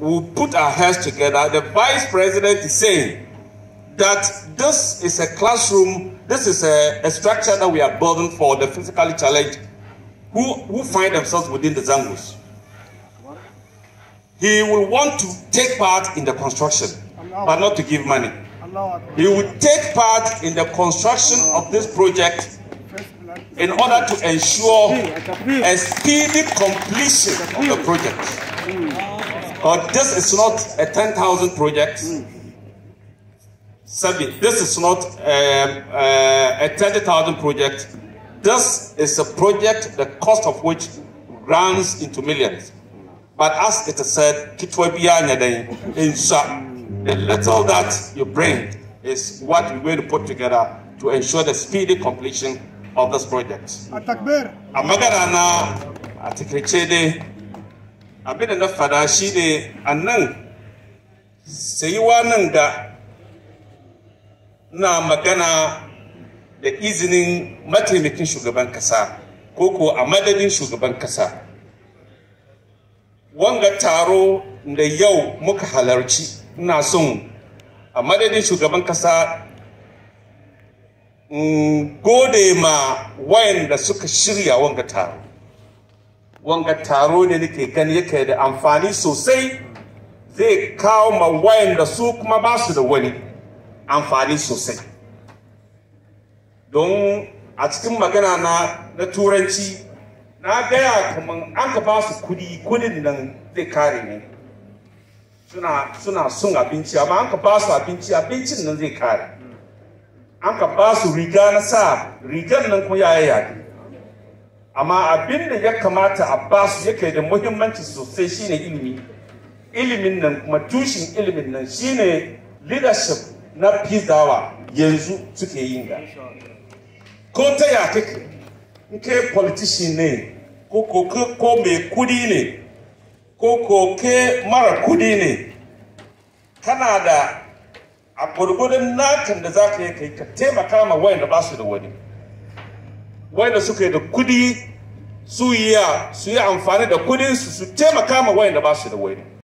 we put our heads together. The vice president is saying that this is a classroom, this is a, a structure that we are building for the physically challenged who, who find themselves within the Zangos. He will want to take part in the construction, but not to give money. He will take part in the construction of this project in order to ensure a speedy completion of the project. But this is not a 10,000 project service. This is not um, uh, a, a project. This is a project, the cost of which runs into millions. But as it is said, the little that you bring is what we're going to put together to ensure the speedy completion of this project. Atakbir. Amagarana, abinda na fada shi ne a nan sayuwa nan da na magana da izinin mataimakin shugaban kasa ko ko a madadin shugaban kasa wanga taro da yau muka halarci ina son a madadin shugaban kasa gode ma wayan da suka shirya wanga taro wanga taro ne nake gani yake da amfani sosai zai kawo ma wayanda su kuma ba su da wani amfani sosai don a cikin magana na na turanci na gaya kuma an ka ba su kudi kudin nan zai kare ne suna suna son abinci amma an ka ba su abinci abincin nan zai kare an ka ba su riga na sa rigan nan kuma yaya yaki amma abin da ya kamata a basu yake da muhimmanci sosai shine ilimi ilimin nan kuma tushen ilimin nan shine leadership na pizawa yanzu suke yin ga ko ta ya kake in kai politician ne ko ko ko mai kudi ne ko ko ke mara kudi ne kana da a gurgurin nakan da za ka yi kai ka taimaka ma wayanda ba su da wani wayanda suka yi da kudi su yi amfani da kudinsu su taimaka ma wayanda ba su da wayanda